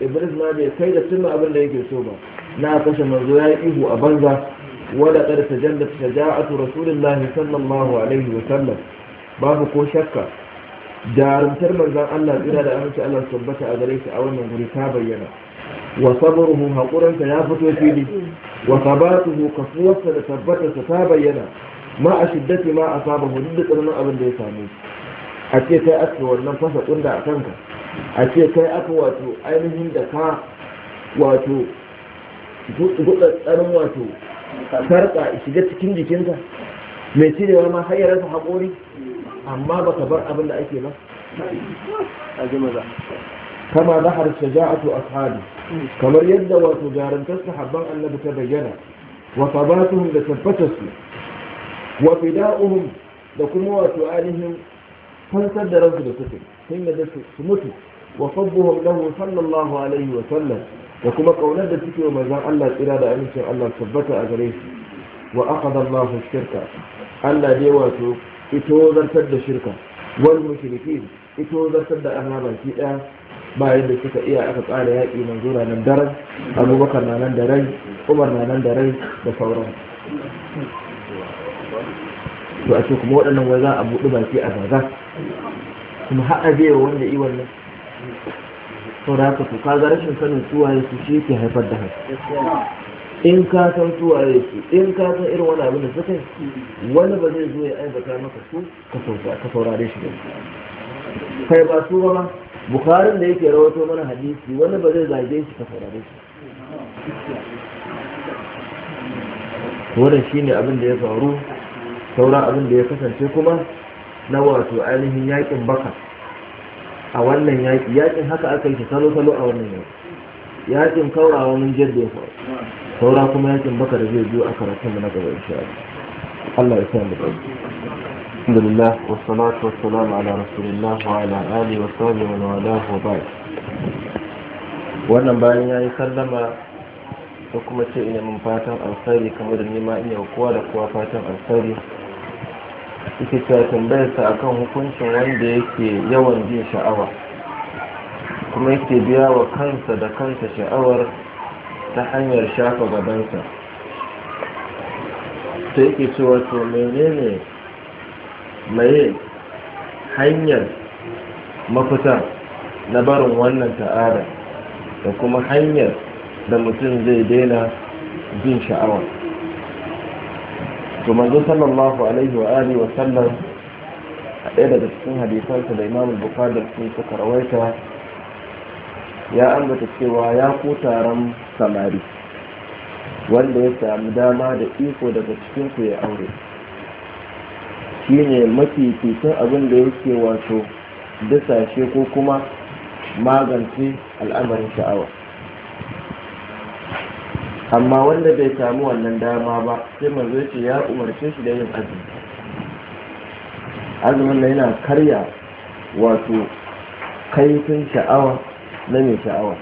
إبرز ما بي كيدا ثم أبن ليكي صوبة ناقش منظورة إيه أبنزة ولقد تجلت شجاعة رسول الله صلى الله عليه وسلم babu ko shakka jarumtar manzan Allah tsira da aminci Allah tabbata a gare shi a wannan guri ta bayyana wa sabruhu haquransa ya fito fili wa sabatuhu kafuwarsa da tabbatarsa ta bayyana ma a shiddati ma a saba duk da tsananin abin da ya samu a ce kai aka wannan fasa kunda a kanka a ce kai aka wato ainihin da ka wato gudda tsarin wato sarka shiga cikin jikinka mai cirewa ma har rasa haƙori amma ba ka bar abin da ake ba kama zahar shaja'atu ashabi kamar yadda wato jarantar sahabban annabi ta bayyana wa sabatuhum da tabbatarsu wa fida'uhum da kuma wato ainihin fansar da ransu da suke sun da su mutu wa sabbuhum lahu sallallahu alaihi wa sallam da kuma kaunar da suke wa manzon Allah tsira da amincin Allah tabbata a gare shi wa aqada Allah shirka Allah dai wato ito zartar da shirka wal mushrikin ito zartar da annaba baki ba yadda suka iya aka tsara yaƙi nan na nan daren abubakar na nan da rai umar na nan da rai da sauran to a ce kuma waɗannan wai za a buɗe baki a zaza kuma haɗa zai wanda iwan nan sau da haka to kaga rashin sanin suwaye su shi ke haifar da haka in ka san suwaye su in ka san irin wani abin da suka wani ba zai zo ya aibata maka su ka saurare shi da kai ba su ba bukharin da yake rawato mana hadisi wani ba zai zage shi ka saurare shi wannan shine abin da ya faru sauran abin da ya kasance kuma na wato ainihin yakin baka a wannan yaki yakin haka aka yi salo salo a wannan yaki yakin kaurawa mun jadda ya faru saura kuma yakin baka da zai biyo a karatun na gaba insha Allah Allah ya sa mu الحمد لله والصلاة والسلام على رسول الله وعلى آله وصحبه ومن والاه وبعد wannan bayan ya yi sallama ta kuma ce ina min fatan alkhairi kamar da nima ina kowa da kowa fatan alkhairi yake cewa tambayar sa akan hukuncin wanda yake yawan jin sha'awa kuma yake biya wa kansa da kansa sha'awar ta hanyar shafa gabansa ta yake cewa to menene maye hanyar mafita na barin wannan ta'ada da kuma hanyar da mutum zai daina jin sha'awa to manzo sallallahu alaihi wa alihi wa sallam a ɗaya daga cikin hadisansa da imam da cikin suka rawaita ya ambata cewa ya ku taron samari wanda ya sami dama da iko daga cikinku ku ya aure shine mafi fitin abin da yake wato dasashe ko kuma magance al'amarin sha'awa amma wanda bai samu wannan dama ba sai mazo ce ya umarce shi da yin azumi azumin da yana karya wato kaifin sha'awa na mai sha'awa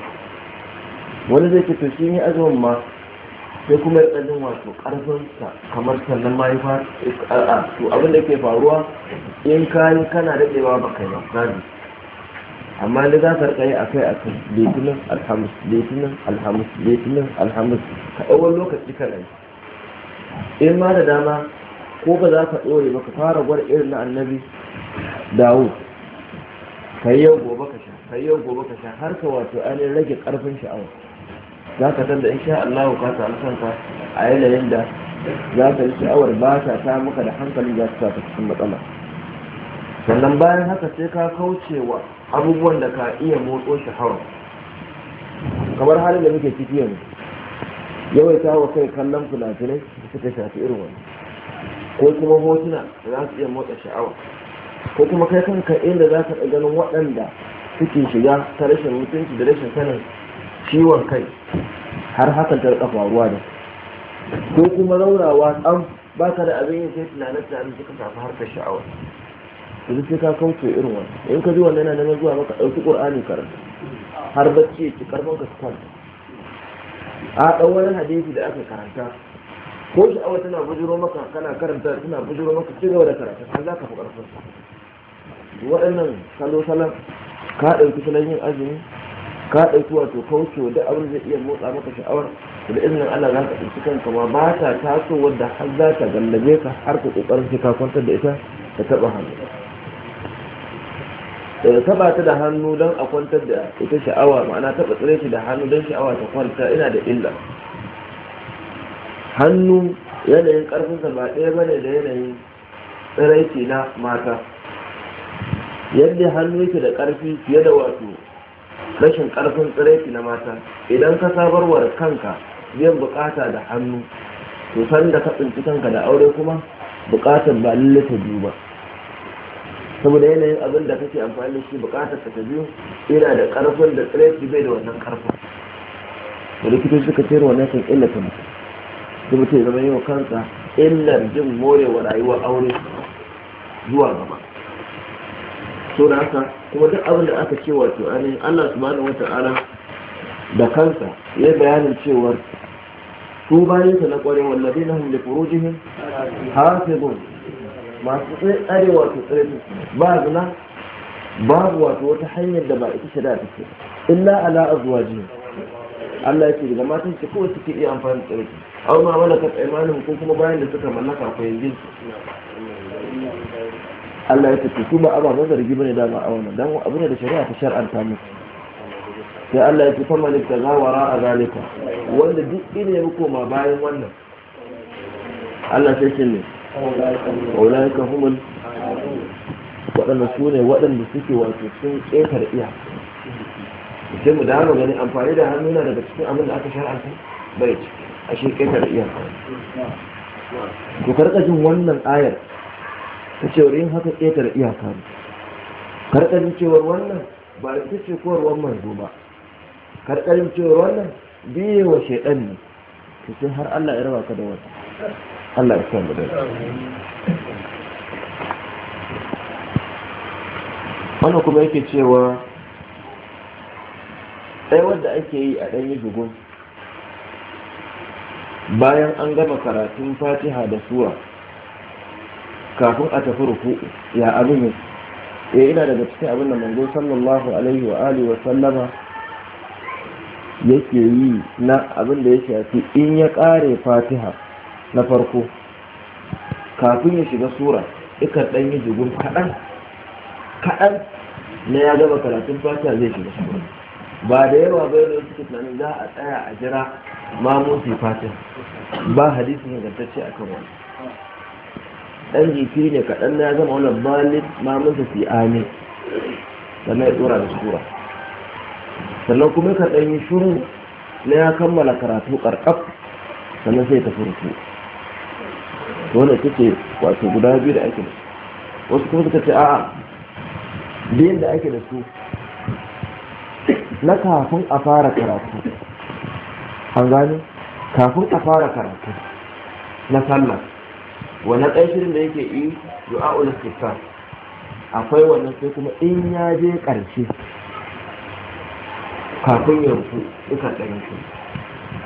wani zai ce to shi ne azumin ma sai kuma ya ɗan wato ƙarfinsa kamar sannan ma ya a to abin da ke faruwa in kayi kana daɗewa ba kai ba amma da za ka yi a kai a kan litinin alhamis litinin alhamis litinin alhamis ka ɗauwan lokaci kana yi in ma da dama ko ba za ka ɗore ba ka fara gwar irin na annabi dawo ka yi yau gobe ka sha ka yi yau gobe ka sha har ka wato ainihin rage ƙarfin sha'awa za ka san da sha Allah ka samu kanka a yanayin da za ka yi sha'awar ba ta ta maka da hankali za ka ta cikin matsala sannan bayan haka sai ka kauce wa abubuwan da ka iya motsa shi kamar halin da muke ciki yanzu Yawaitawa wa kai kallon fina da suka shafi irin wani ko kuma hotuna da za su iya motsa sha'awa ko kuma kai kanka inda za ka ganin waɗanda suke shiga ta rashin mutunci da rashin sanin ciwon kai har hakan ta rika faruwa da ko kuma raurawa ba baka da abin yin sai tunanin tunanin suka har harkar sha'awa yanzu sai ka kauce irin wannan in ka ji wannan yana neman zuwa maka ɗauki ƙur'ani karanta har bacci ya ci karfin ka kwanta a ɗan wani hadisi da aka karanta ko sha'awa tana bujiro maka kana karanta tana bujiro maka ci gaba da karanta, har za ka fi ƙarfin waɗannan salo salon ka ɗauki salon yin azumi ka ɗauki wato kaucewa da abin zai iya motsa maka sha'awar da izinin Allah za ka ɗauki kanka ma ba ta taso wadda har za ta gallabe ka har ka ƙoƙarin sai ka kwantar da ita ka taɓa hannu da taɓa ta da hannu don a kwantar da ita sha'awa ma'ana taɓa tsire shi da hannu don sha'awa ta kwanta ina da illa hannu yanayin ƙarfinsa ba ɗaya ba ne da yanayin tsiraiti na mata yadda hannu yake da ƙarfi fiye da wato rashin ƙarfin tsiraici na mata idan ka sabarwar kanka biyan bukata da hannu to san da ka tsinci kanka da aure kuma bukatar ba lalle ta biyu ba saboda yanayin abin da kake amfani da shi bukatar ka ta biyu ina da ƙarfin da tsiraici bai da wannan ƙarfin da likitoci suka ce wannan kan illata mutum da ce zama yi wa kansa illar jin morewa rayuwar aure zuwa gaba so da haka kuma duk abin da aka ce wato ainihin Allah subhanahu wata'ala da kansa ya bayanin cewar su bayan sa na kwarin wallabi na hum li furujihim hafizun masu tsare wato tsare ba zina babu wato wata hanyar da ba ita shari'a ta ce illa ala azwaji Allah ya ce daga matan ce kawai ke iya amfani da tsarki aw ma ka aymanuhum ko kuma bayan da suka mallaka ko yanzu Allah ya tafi su ba ababen zargi bane dama a wannan dan abu ne da shari'a ta shar'anta musu sai Allah ya tafi malik ta zawara a zalika wanda duk ina ya koma bayan wannan Allah sai shi ne waulaika humul waɗanda su ne waɗanda suke wato sun ƙetar iya sai mu dama gani amfani da hannuna daga cikin abin da aka shar'anta bai ciki a shi ƙetar iya to jin wannan ayar ta cewar yin haka ƙetare iyaka ne karɗarin cewar wannan ba da ita ce kowarwar manzo ba karɗarin cewar wannan biye wa shaidan ne ta ce har Allah ya raba ka da wata Allah ya san da Wani kuma yake cewa ɗaya wanda ake yi a ɗanyi bugun bayan an gama karatun fatiha da Suwa. kafin a tafi ruku'u ya abin eh ina daga cikin abin da manzo sallallahu alaihi wa alihi wa sallama yake yi na abin da ya shafi in ya kare fatiha na farko kafin ya shiga sura ika dan yi jigun kaɗan kadan na ya gaba karatun fatiha zai shiga sura ba da yawa ba yadda suke tunanin za a tsaya a jira ma musu fatiha ba hadisi a akan wani dan jiki ne kaɗan na zama wani balin mamunsa fi ame sannan ya tsora da sura sannan kuma ka ɗan yi shuru na ya kammala karatu ƙarƙaf sannan sai ta furku wanda ta ce wato guda biyu da ake da su wasu kuma suka ce a'a biyun da ake da su na kafin a fara karatu an gane kafin a fara karatu na sallah wannan ɗan shirin da yake yi du'a ulistifar akwai wannan sai kuma in ya je ƙarshe kafin yanku duka ɗan shi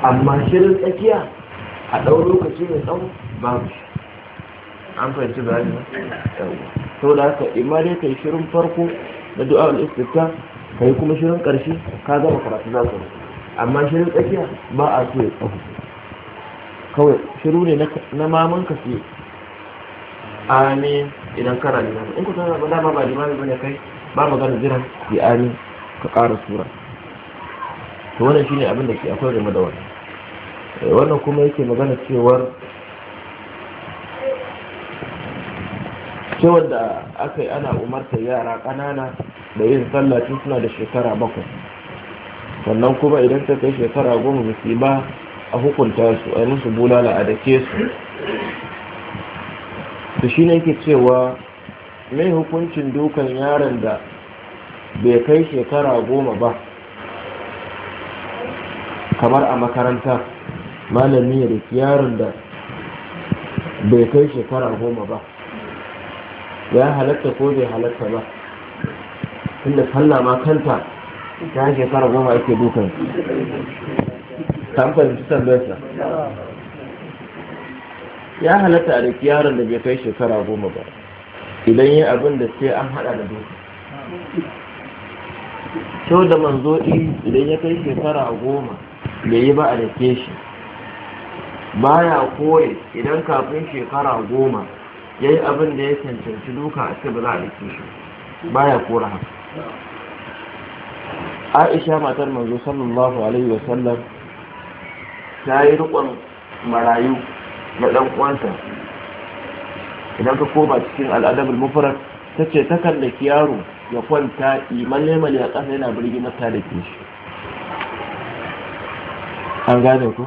amma shirin tsakiya a ɗau lokaci mai tsawo babu shi an fahimci bayani ne sau da haka imari kai shirin farko na du'a ka kai kuma shirin ƙarshe ka gama karatu za ka amma shirin tsakiya ba a so ya tsawo kawai shiru ne na mamanka su amin idan kana limami in ku tana ba dama ba limami bane kai ba magana jira bi amin ka ƙara sura to wannan shine abin da ke akwai game da wannan eh, wannan kuma yake magana cewar cewar da aka yi ana umartar yara ƙanana da yin sallah tun suna da shekara bakwai sannan kuma idan ta kai shekara goma ba su ba a hukunta su a yi musu bulala a dake su to shi ne ke cewa mai hukuncin dukan yaron da bai kai shekara goma ba kamar a makaranta malami ya da yaron da bai kai shekara goma ba ya halatta ko bai halatta ba inda sallah ma kanta ta shekara goma ake dukan kan fahimci tambayarsa ya halatta a daki yaron da bai kai shekara goma ba idan yi abin da sai an hada da doka kyau da manzo idan ya kai shekara goma bai yi ba a dake shi baya koyi idan kafin shekara goma ya yi abin da ya cancanci duka a ce ba za a dake shi baya kora haka aisha matar manzo sallallahu alaihi wasallam ta yi rikon marayu na ɗan uwansa idan ka koma cikin al'adabul ta ce ta kallaki yaro ya kwanta imanle mali a ƙasa yana birgi mata da ke shi an gane ku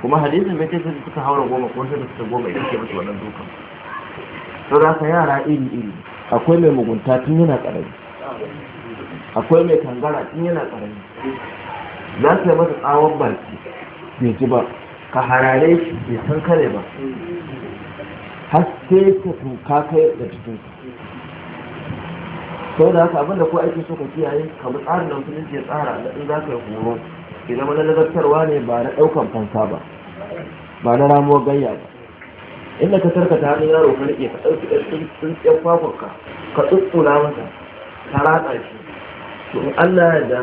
kuma hadisin mai ce sai suka haura goma ko sai suka goma idan ke mutu wannan dukan sau da ka yara iri iri akwai mai mugunta tun yana ƙarami. akwai mai kangara tun yana ƙarami. za su yi masa tsawon baki bai ji ba ka harare shi bai san kare ba haske ka tuka kai da cikin sau da haka abinda ko aiki so ka kiyaye ka bi tsarin da musulunci ya tsara da in za ka yi horo ki zama na nazartarwa ne ba na ɗaukan fansa ba ba na ramuwar gayya ba inda ka tarkata hannun yaro ka rike ka ɗauki ɗan tsintsiyar kwakwarka ka tsutsula masa ka ratsa shi to in Allah ya da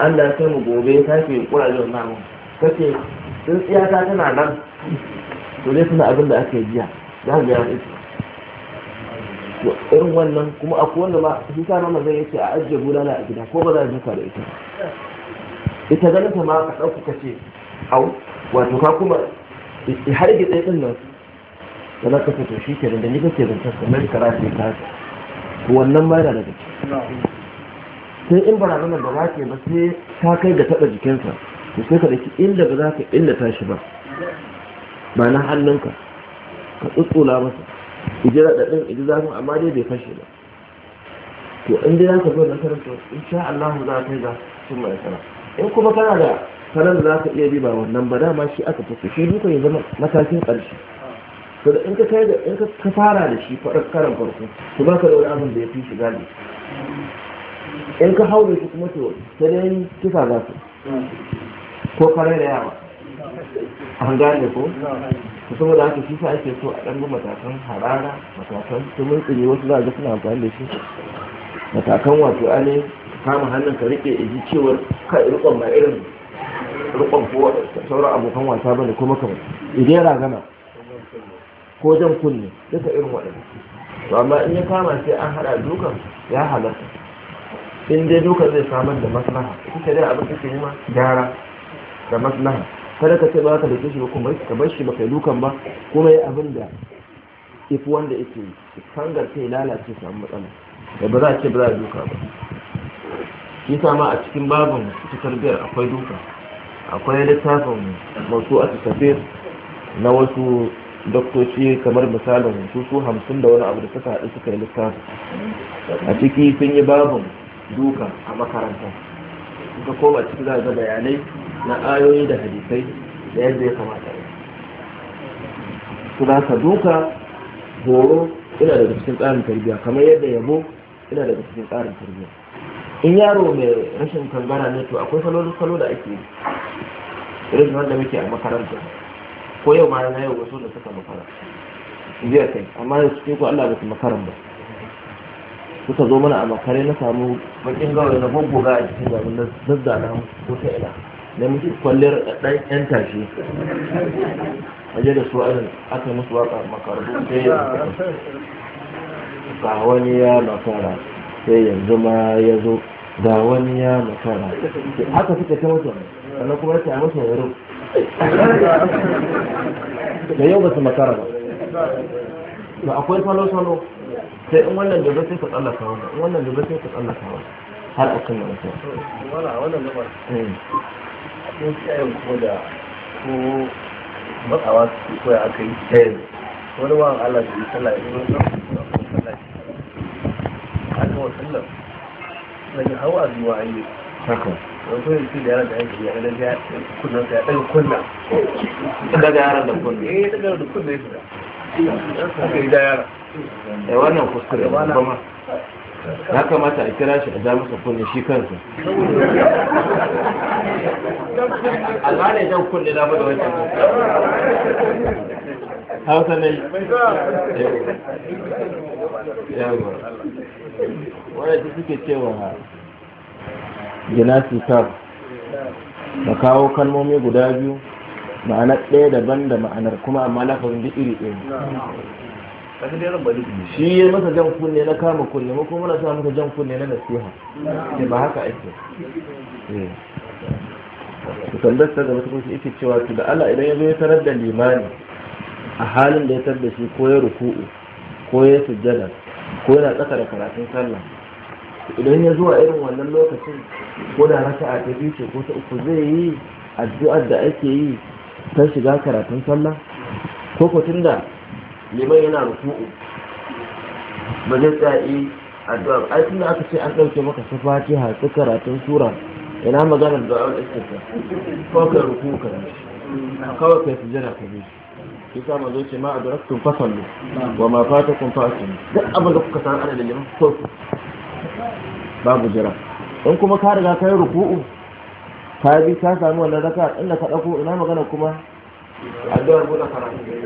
Allah ya kai mu gobe ya sake kurajen namu kace sun tsiyata tana nan to dai suna abin da aka yi jiya za ka gaya to irin wannan kuma a kowanne ma su sa nama zai yace a ajiye bulala a gida ko ba za a duka da ita ita ganin ta ma ka ɗauka ka ce au wato ka kuma har ki tsaye ɗin nan da na kasa to shi ke da ni kake zancen mai kara ce ka wannan ma yana daga ciki sai in barazanar da ba ke ba sai ta kai ga taɓa jikinsa ko sai ka ɗauki inda ba za ka illata shi ba ba na hannunka ka tsutsula masa iji raɗaɗin iji zafin amma dai bai fashe ba to in dai za ka zo na karanta insha Allah za ka yi za cin mai nasara in kuma kana da sanar da za ka iya bi ba wannan ba dama shi aka fi shi duka ya zama matakin ƙarshe to da in ka kai da in ka fara da shi karan farko to ba ka da wani abin da ya fi shiga ne in ka haure shi kuma to sai dai kisa za ka ko kare da yawa an gane ko to saboda haka shi sa ake so a ɗan bi matakan harara matakan tumin tsiri wasu za a ga suna amfani da shi matakan wato ane kama hannun ka rike iji cewar ka rikon ma irin rikon ko sauran abokan wasa ba ne kuma kamar idan yana gana, ko jan kunne duka irin waɗanda to amma in ya kama sai an haɗa dukan ya halatta in dai dukan zai samar da maslaha kuka dai abin da ke yi ma gyara da maslaha kada ka ce ba ka dace shi ba kuma ka bar shi ba kai dukan ba kuma yi abin da wanda yake fangar sai lalace samu matsala da ba za a ce ba za a duka ba shi sama a cikin babin ta biyar akwai duka akwai littafin masu a tafiyar na wasu doktoci kamar misalin su su hamsin da wani abu da suka haɗu suka yi littafi a ciki sun yi babin duka a makaranta suka koma ciki za ga bayanai na ayoyi da hadisai da yadda ya kamata su da ka duka horo ina daga cikin tsarin tarbiyya kamar yadda yabo ina daga cikin tsarin tarbiyya in yaro mai rashin kangara ne to akwai salo da ake yi irin wanda muke a makaranta ko yau ma na yau wasu da suka makara jiya kai amma da suke ko Allah ba su makaran ba suka zo mana a makare na samu bakin gawai na goggoga a cikin gabin na zazzana ko ta ina da muke kwallar ɗan ƴan tashi aje da su arin aka musu waka makarantu sai yanzu ga wani ya makara sai yanzu ma ya zo ga wani ya makara haka suka ta mutum sannan kuma ta ya yaro da yau ba su makara ba ba akwai salo-salo sai in wannan gaba sai ka tsallaka wannan in wannan gaba sai ka tsallaka wannan har a kan mutum akwai wasu yayin kuma da ko matsawa su koya aka yi tsayin wani ba Allah su yi sallah ya zo na kuma sallah aka wa sallah daga hawa zuwa yi. haka wani kuma yake da yaran da yake ya ɗaga ya kunna ya ɗaga kunna daga yara da kunna eh daga yara da kunna ya Da aka yi da yaran eh, wannan kuskure ba ma ya kamata a kira shi a ja masa kunne shi kansa Allah ne jan kunne na bada wancan hausa ne yawa wadda suke cewa gina sitar da kawo kalmomi guda biyu ma'anar ɗaya daban da ma'anar kuma amma lafazin duk iri ɗaya shi ya masa jan kunne na kama kunne ma kuma na sa masa jan kunne na nasiha ke ba haka ake su eh. ta gaba tukun shi cewa su da ala idan ya zo ya tarar da limani a halin da ya tarar da shi ko ya ruku'u ko ya sujjada ko yana tsaka da karatun sallah idan ya zuwa irin wannan lokacin ko da a ta ce ko ta uku zai yi addu'ar da ake yi ta shiga karatun sallah ko ko tunda liman yana ruku'u ba zai tsaye addu'a ai tunda aka ce an ɗauke maka su fatiha su karatun sura ina magana da da'awar istinta ko ka rufu ka kawai kai jira ka bi shi sa ma ce ma adraktum fasallu wa ma fatakum fasallu duk abin da kuka san ana da liman ko babu jira in kuma ka riga kai ruku'u ka bi ka sami wannan raka inda ka ɗauko ina magana kuma addu'ar buɗe karatu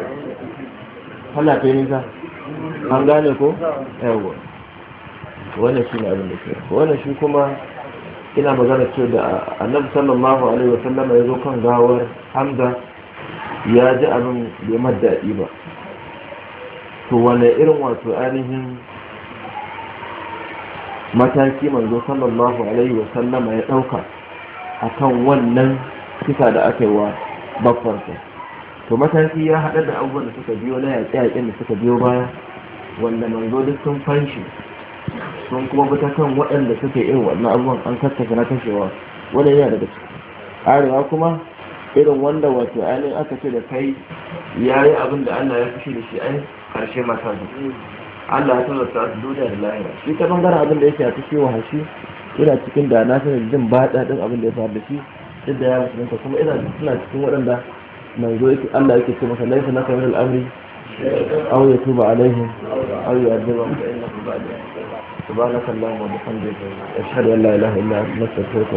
hana ta nisa an gane ko yawa wannan shi ne abin da ke wannan shi kuma ina magana ce da annabi sallallahu alaihi wa sallama ya zo kan gawar hamza ya ji abin da ya daɗi ba to wane irin wato ainihin mataki manzo sallallahu alaihi wa sallama ya ɗauka a kan wannan kisa da aka yi wa bakwarsa to mataki ya haɗa da abubuwan da suka biyo na yaƙe-yaƙen da suka biyo baya wanda manzo duk sun fanshi sun kuma bi ta kan waɗanda suke irin wannan abubuwan an kattafa na kashewa Wani yana daga ciki arewa kuma irin wanda wato ainihin aka ce da kai ya yi abin da allah ya fushi da shi ai karshe mata da allah ya tazarta su duniya da lahira shi ta bangaren abin da yake a cikin wahashi yana cikin da na sanin jin ba daɗin abin da ya faru da shi duk da ya musulunta kuma ina suna cikin waɗanda mai zo yake Allah yake ce masa laifa na kamar al'amri aw ya tuba alaihim aw ya adaba subhanaka allahumma wa bihamdika ashhadu an la ilaha illa anta astaghfiruka